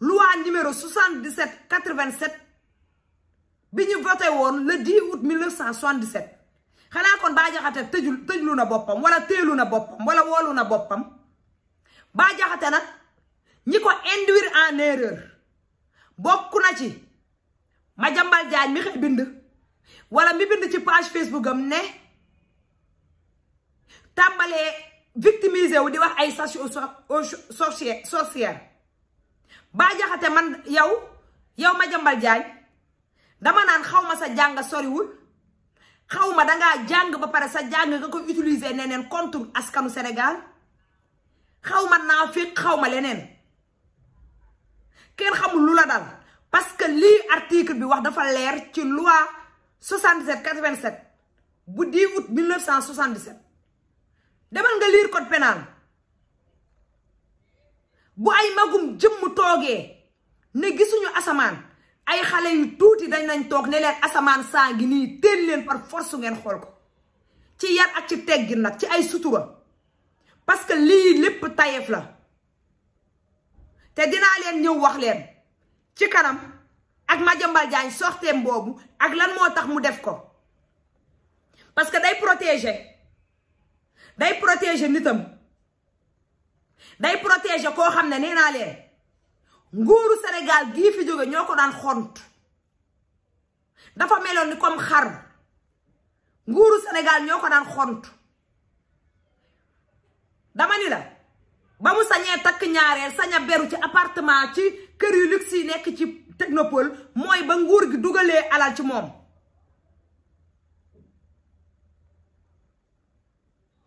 loi numéro 77 87 bi ñu voté woon le 10 août 1977 xanaa kon Bah Diakhaté tëjul tëjlu na boppam wala teelu na boppam wala woolu na boppam Bah Diakhaté ñi ko induire en erreur bokk na ci Madiambal Diagne mi xëy bind wala mi bind ci page Facebook am ne tàmbalee victimiser wu di wax ay sage aux Bah Diakhaté man yow yow Madiambal Diagne dama naan xaw ma sa jàng soriwul xaw ma dangaa jàng ba pare sa jàng nga ko utiliser neneen contre askanu Sénégal xaw ma naa féq xaw ma leneen kenn xamul lu la dal parce que lii article bi wax dafa leer ci loi 77 87 bu 10 août 1977 demal nga lire code pénal bu ay magum jëmm toogee ne gisuñu asamaan ay xale yu tuuti dañ nañ toog ne asamaan saa ngi nii teel leen par force ngeen xool ko ci yar ak ci teggin nag ci ay sutura parce que lii lépp tayeef la te dinaa leen ñëw wax leen ci kanam ak Madiambal Diagne sorteem boobu ak lan moo tax mu def ko parce que day protéger day protéger nitam day protéger koo xam ne nee naa leen nguuru Sénégal gii fi jóge ñoo ko daan xont dafa meloon ni comme xar nguuru Sénégal ñoo ko daan xont dama ni la ba mu sañee takk ñaareel saña beru ci appartement ci kër yu luxe yi nekk ci technopole mooy ba nguur gi dugalee alal ci moom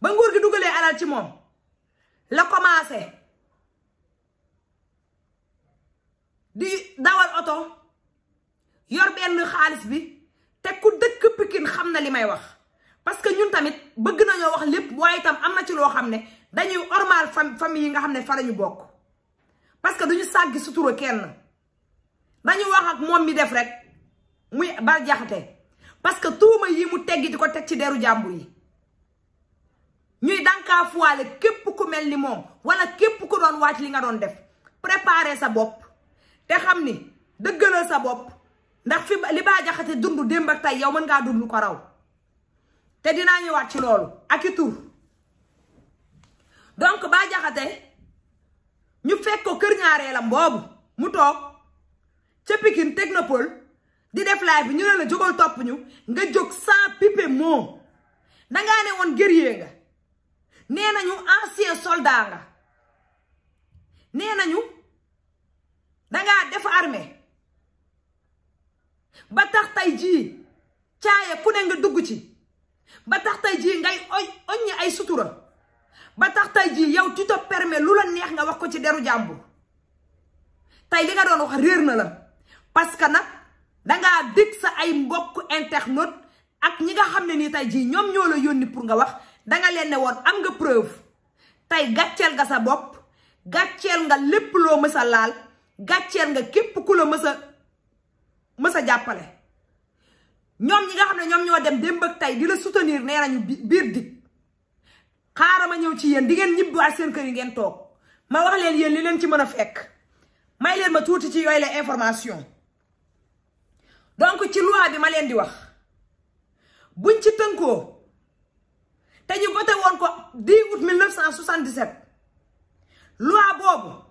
ba nguur gi dugalee alal ci moom la commencé di dawal oto yor benn xaalis bi te ku dëkk Pikine xam na li may wax parce que ñun tamit bëgg nañoo wax lépp waaye itam am na ci loo xam ne dañuy ormal famille yi nga xam ne fa lañu bokk parce que duñu sàggi sutura kenn dañu wax ak moom mi def rek muy bar jaxate parce que tuuma yi mu teggi di ko teg ci deru jàmbur yi ñuy dànkaafuwaale képp ku mel ni moom wala képp ku doon wàcc li nga doon def préparer sa bopp te xam ni dëggalal sa bopp ndax fi li Bah Diakhaté dund démb ak tey yow mën ngaa dund ko raw te dinaa ñëwaat ci loolu ak i tur donc Bah Diakhaté ñu fekk ko kër ñaareelam boobu mu toog teg Pikine Technopole di def live bi ñu ne la jógal topp ñu nga jóg sans pipe moo dangaa ne woon guerrier nga nee nañu ancien soldat nga nee nañu dangaa def arme ba tax tay jii caaye ku ne nga dugg ci ba tax tey jii ngay oy oññi ay sutura ba tax tey jii yow tu te permets lu la neex nga wax ko ci deru jàmbur tey li nga doon wax réer na la parce que nag dangaa dig sa ay mbokk internaute ak ñi nga xam ne nii tay jii ñoom ñoo la yónni pour nga wax danga leen woon am nga preuve tey gàcceel nga sa bopp gàcceel nga lépp loo mës a laal gàcceer nga képp ku la mësa mës a jàppale ñoom ñi nga xam ne ñoom ñoo dem démb ak tey di la soutenir nee biir dig xaaral ma ñëw ci yéen di ngeen ñibbiwaat seen kër yi ngeen toog ma wax leen yéen li leen ci mën a fekk may leen ma tuuti ci yooyu la information donc ci loi bi ma leen di wax buñ ci tënkoo te ñu voté woon ko mil 10 août 1977 loi boobu.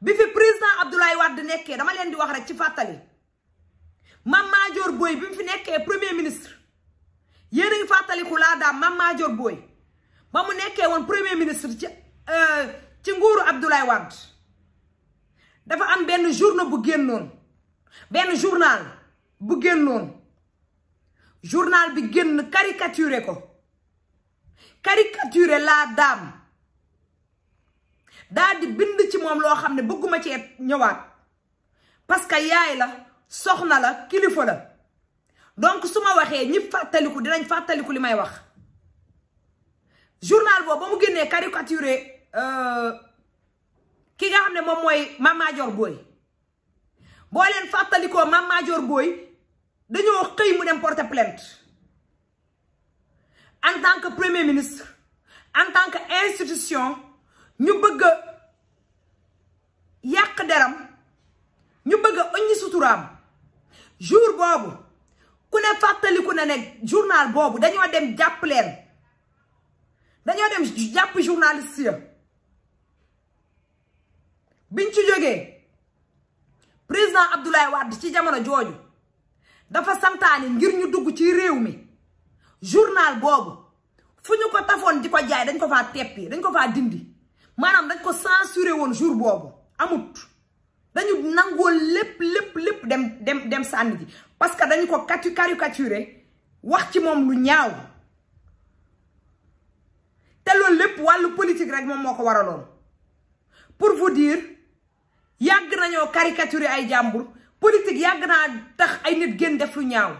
bi fi président Abdoulaye Wade nekkee dama leen di wax rek ci fàttali Mame Madior Boye bi mu fi nekkee premier ministre yéen a ngi fàttaliku laa daam Mame Madior Boye ba mu nekkee woon premier ministre ci euh, ci nguuru Abdoulaye Wade dafa am benn journal bu génnoon benn journal bu génnoon journal bi génn caricaturé ko caricaturé la daam daal di bind ci moom loo xam ne bëgguma ci ñëwaat parce que yaay la soxna la kilifa la donc su ma waxee ñi fàttaliku dinañ fàttaliku li may wax journal boobu ba mu génnee caricature euh, ki nga xam ne moom mooy Mame Madior Boye boo leen fàttalikoo Mame Madior Boye dañoo xëy mu dem porter plainte en tant que premier ministre en tant que institution ñu bëgg a deram ñu bëgg a ëññi suturaam jour boobu ku ne fàttaliku na ne journal boobu dañoo dem jàpp leen dañoo dem jàpp journaliste ya biñ ci jóge président Abdoulaye Wade ci jamono jooju dafa santaani ngir ñu dugg ci réew mi journal boobu fu ñu ko tafoon di ko jaay dañ ko faa teppi dañ ko faa dindi maanaam dañ ko censuré woon jour boobu amut dañu nangoo lépp lépp lépp dem dem dem sànni ji parce que dañu ko catu caricaturé wax ci moom lu ñaaw te loolu lépp wàllu politique rek moom moo ko waraloon pour vous dire yàgg nañoo caricaturé ay jàmbur politique yàgg naa tax ay nit gën def lu ñaaw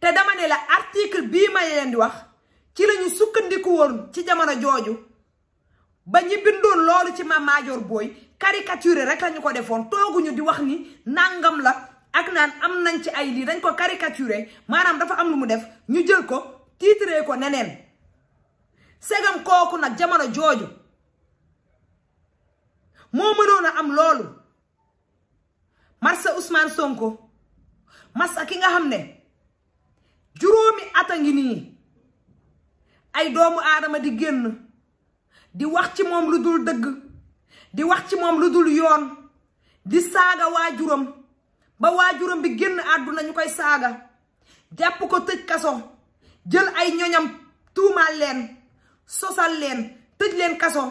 te dama ne la article bi ma leen di wax ci lañu sukkandiku woon ci jamono jooju ba ñi loolu ci Mame Madior Boye caricature rek lañu ko defoon tooguñu di wax ni nangam la ak naan am nañ ci ay lii dañ ko caricaturé maanaam dafa am lu mu def ñu jël ko tiitree ko neneen segam kooku nag jamono jooju moo mënoon a am loolu marsa Ousmane Sonko marsa ki nga xam ne juróomi at a ngi nii ay doomu aadama di génn di wax ci moom lu dul dëgg di wax ci moom lu dul yoon di saaga waajuram ba waajuram bi génn àdduna ñu koy saaga jàpp ko tëj kaso jël ay ñoñam tuumaal leen sosal leen tëj leen kaso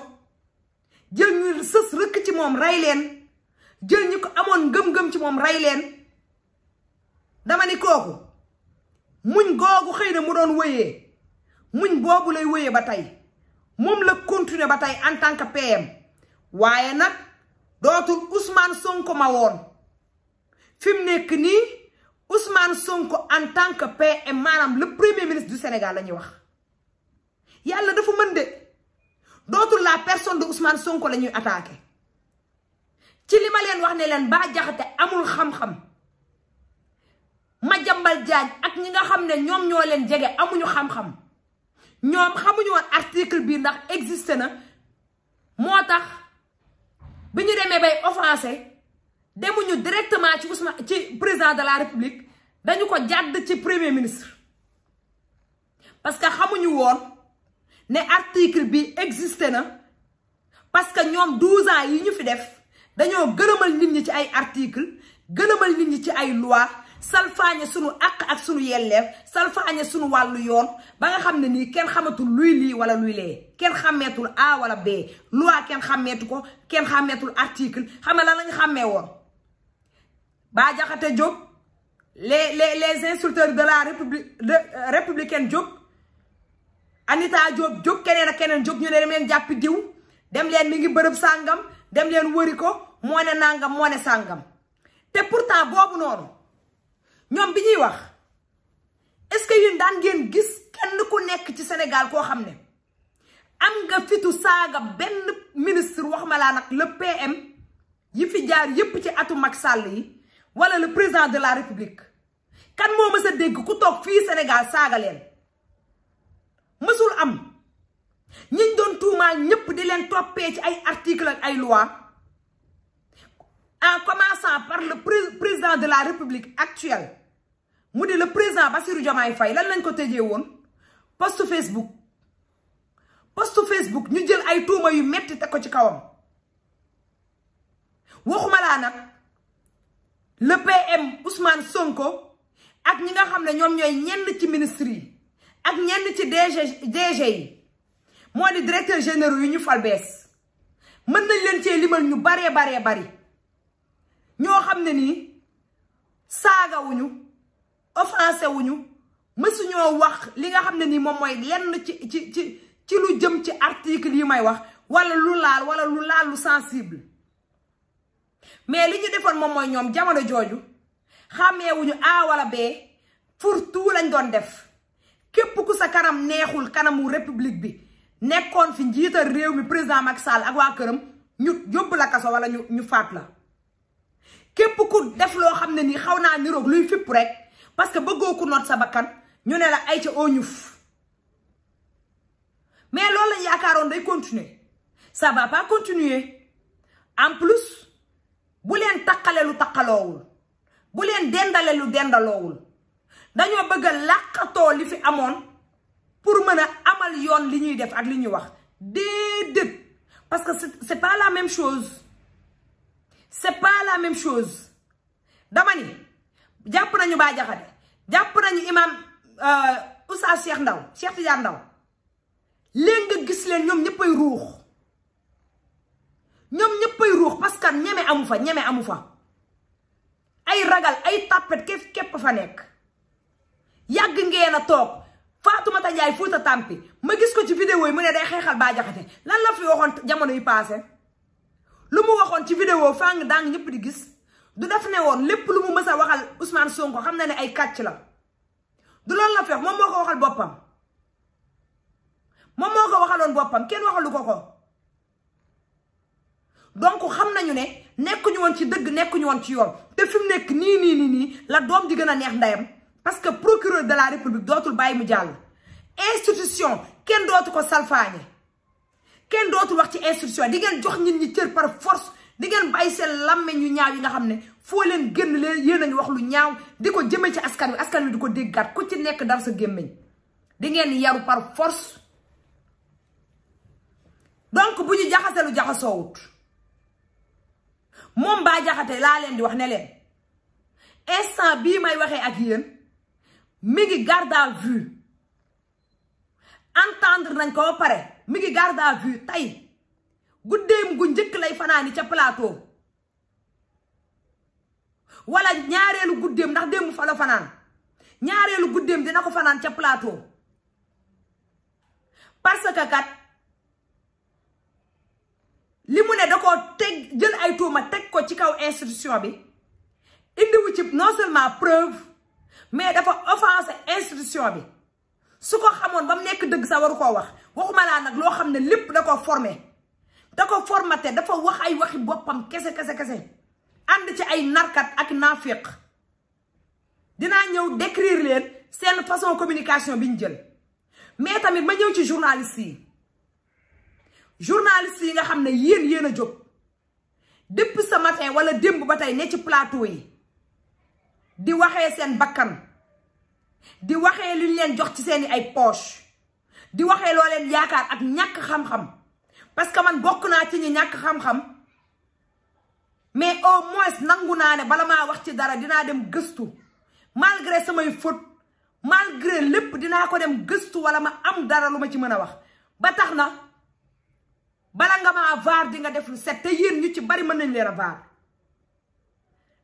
jël ñu sës rëkk ci moom rey leen jël ñi ko amoon ngëm ci moom rey leen dama ni kooku muñ googu xëy na mu doon wéyee muñ boobu lay wéyee ba tey moom la continuer ba tey en tant que PM waaye nag dootul Ousmane Sonko ma woon fi mu nekk nii Ousmane Sonko en tant que PM maanaam le premier ministre du Sénégal la ñuy wax yàlla dafa mën de dootul la personne de Ousmane Sonko lañuy ñuy ci lima leen wax ne leen Bah Diakhaté amul xam-xam Madiambal Diagne ak ñi nga xam ne ñoom ñoo leen jege amuñu xam-xam. ñoom xamuñu woon article bi ndax existé na moo tax bi ñu demee bay offensé demuñu directement ci ci président de la république dañu ko jàdd ci premier ministre parce que xamuñu woon ne article bi existé na parce que ñoom 12 ans yi ñu fi def dañoo gërëmal nit ñi ci ay article gërëmal nit ñi ci ay loi salfaañe sunu àq ak sunu yelleef salfaañe sunu wàllu yoon ba nga xam ne nii kenn xamatul luy lii wala luy lee kenn xàmmeetul A wala B loi kenn xàmmeetu ko kenn xàmmeetul article xam nga lan lañ xàmmee woon Bah Diakhaté jóg le les les insulteurs de la république de euh, républicaine jóg Anita Diop jóg keneen ak keneen jóg ñu ne dem leen jàppi diw dem leen mi bërëb sàngam dem leen wëri ko moo ne nàngam moo ne sàngam te pourtant boobu noonu ñoom bi ñuy wax est-ce que yéen daan ngeen gis kenn ku nekk ci Sénégal koo xam ne am nga fitu saaga benn ministre wax ma laa nag le PM yi fi jaar yépp ci atu Macky Sall yi wala le président de la République kan moo mës dégg ku toog fii Sénégal saaga leen mësul am ñiñ doon tuumaa ñépp di leen toppee ci ay article ak ay loi en commençant par le président de la République actuelle mu di le président Bassirou Diomaye fay lan lañ ko tëjee woon post Facebook post Facebook ñu jël ay tuuma yu metti teg ko ci kawam waxuma laa nag le PM Ousmane Sonko ak ñi nga xam ne ñoom ñooy ñenn ci ministre yi ak ñenn ci DG DG yi moo di directeur généraux yu ñu fal bees mën nañ leen cee limal ñu baree baree bari ñoo xam ne nii saagawuñu offensé wuñu mësuñoo wax li nga xam ne ni moom mooy lenn ci ci ci ci lu jëm ci article yi may wax wala lu laal wala lu laal lu sensible mais li ñu defoon moom mooy ñoom jamono jooju xàmmeewuñu A wala B pour tout lañ doon def képp ku sa kanam neexul kanamu république bi nekkoon fi njiital réew mi président Macky Sall ak waa këram ñu yóbbu la kaso wala ñu ñu faat la képp ku def loo xam ne nii xaw naa niroog luy fipp rek. parce que bëggoo ku noot sa bakkan ñu ne la ay ca oo ñuf mais loolu yaakaaroon day continuer sa va pas continuer en plus bu leen taqale lu taqaloowul bu leen dendale lu dendaloowul dañoo bëgg a làqatoo li fi amoon pour mën a amal yoon li ñuy def ak li ñuy wax déedéet parce que c'est pas la même chose c'est pas la même chose dama ni jàpp nañu Bah Diakhaté jàpp nañu imam euh, Oustaz Cheikh Ndaw Cheikh Tidiane Ndaw léegi nga gis leen ñoom ñëppay ruux ñoom ñëppay ruux parce que ñeme amu fa ñeme amu fa ay ragal ay tàppet képp képp fa nekk yàgg ngeen a toog Fatoumata Ndiaye Fouta Tampi ma gis ko ci vidéo yi mu ne day xeexal Bah Diakhaté lan la fi waxoon jamono yi paase lu mu waxoon ci vidéo fang daang ñëpp di gis du def ne woon lépp lu mu mës a waxal Ousmane Sonko xam na ni ay kàcc la du loolu la fex moom moo ko waxal boppam moom moo ko waxaloon boppam kenn waxalu ko ko donc xam nañu ne nekkuñu woon ci dëgg nekkuñu woon ci yoon te fi nekk nii nii nii nii la doom di gën a neex ndayam parce que procureur de la république dootul bàyyi mu jàll institution kenn dootu ko salfaañe kenn dootul wax ci institution di ngeen jox nit ñi cër par force di ngeen bàyyi seen làmmeñ yu ñaaw yi nga xam ne foo leen génn leen yéen a ngi wax lu ñaaw di ko jëmee ci askan wi askan wi di ko déggaat ku ci nekk dara sa gémmeñ di ngeen yaru par force donc bu ñu jaxasee lu jaxasoowut moom baa jaxate laa leen di wax ne leen instant bii may waxee ak yéen mi ngi garde à vue entendre nañ ko pare mi ngi garde à vue tey guddeem gu njëkk lay fanaani ca plateau wala ñaareelu guddeem ndax démb fa fanaan ñaareelu guddeem dina ko fanaan ca plateau parce que kat li mu ne da ko teg jël ay tuuma teg ko ci kaw institution bi indiwu ci non seulement preuve mais dafa offensé institution bi su ko xamoon ba mu nekk dëgg sa waru koo wax waxuma laa nag loo xam ne lépp da koo formé da ko formaté dafa wax ay waxi boppam kese kese kese ànd ci ay narkat ak naafiq dinaa ñëw décrire leen seen façon communication bi ñu jël mais tamit ma ñëw ci journaliste yi journaliste yi nga xam ne yéen yéen a jóg depuis ce matin wala démb ba tey ne ci plateau yi di waxee seen bakkan di waxee lu ñu leen jox ci seeni ay poche di waxee loo yaakaar ak ñàkk xam-xam. parce que man bokk naa ci ñi ñàkk xam-xam mais o moins nangu naa ne bala maa wax ci dara dinaa dem gëstu malgré samay faute malgré lépp dinaa ko dem gëstu wala ma am dara lu ma ci mën a wax ba tax na bala nga maa vaar di nga def lu set te yéen ñu ci bari mën nañ leen a vaar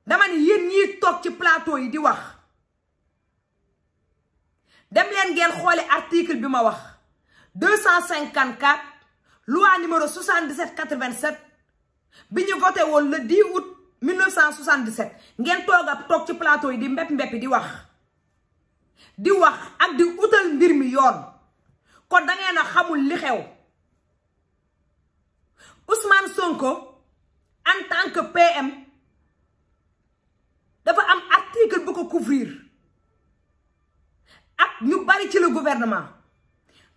dama ne yéen ñiy toog ci plateau yi di wax dem leen ngeen xooli article bi ma wax deux cent cinquante loi numéro 77 87 bi ñu voté woon le 10 août 1977 ngeen toog ab toog ci plateau yi di mbépp mbépp di wax di wax ak di utal mbir mi yoon kon da ngeen a xamul li xew Ousmane Sonko en tant que PM dafa am article bu ko couvrir ak ñu bari ci le gouvernement.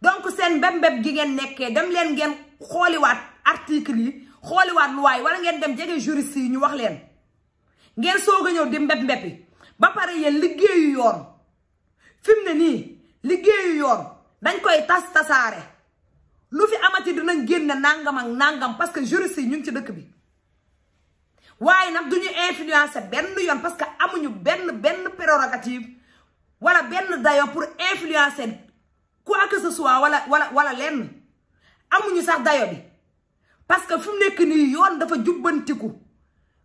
donc seen mbéb-mbéb gi ngeen nekkee dem leen ngeen xooliwaat article yi xooliwaat lu waay wala ngeen dem jege juriste yi ñu wax leen ngeen soog a ñëw di mbéb mbéb ba pare yéen liggéeyu yoon fi mu ne nii liggéeyu yoon dañ koy tas tasaare lu fi amati dinañ génne nangam ak nangam parce que juriste yi ñu ngi ci dëkk bi waaye nag du ñu influencé benn yoon parce que amuñu benn benn prérogative wala benn dayo pour influencer. quoi que ce soit wala wala wala lenn amuñu sax dayo bi parce que fi mu nekk nii yoon dafa jubbantiku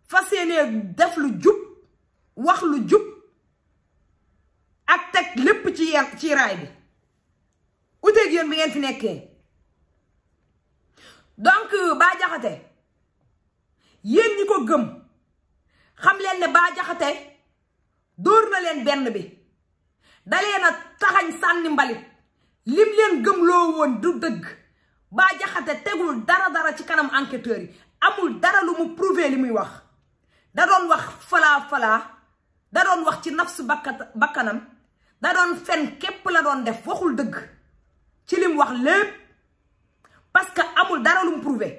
fa yéenee def lu jub wax lu jub ak teg lépp ci yel ci raay bi uteeg yoon bi ngeen fi nekkee donc euh, Bah Diakhaté yéen ñi ko gëm xam leen ne Bah Diakhaté dóor na leen benn bi dalee na taxañ sànni mbalit lim leen gëmloo woon du dëgg ba jaxate tegul dara dara ci kanam enquêteurs yi amul dara lu mu prouver li muy wax da doon wax falaa falaa da doon wax ci nafsu bakkat bakkanam da doon fen képp la doon def waxul dëgg ci lim wax lépp parce que amul dara lu mu prouver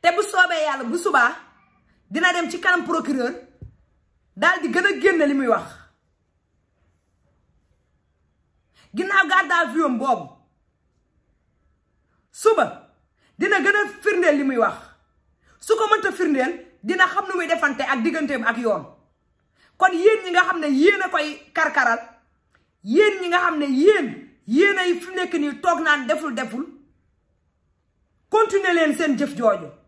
te bu soobee yàlla bu subaa dina dem ci kanam procureur daal di gën a génn li muy wax ginnaaw garde à vue am boobu suba dina gën a firndeel li muy wax su ko mënta firndeel dina xam nu muy defante ak digganteem ak yoon kon yéen ñi nga xam ne yéen a koy karkaral yéen ñi nga xam ne yéen yéen ay fi nekk nii toog naan deful deful continuer leen seen jëf jooju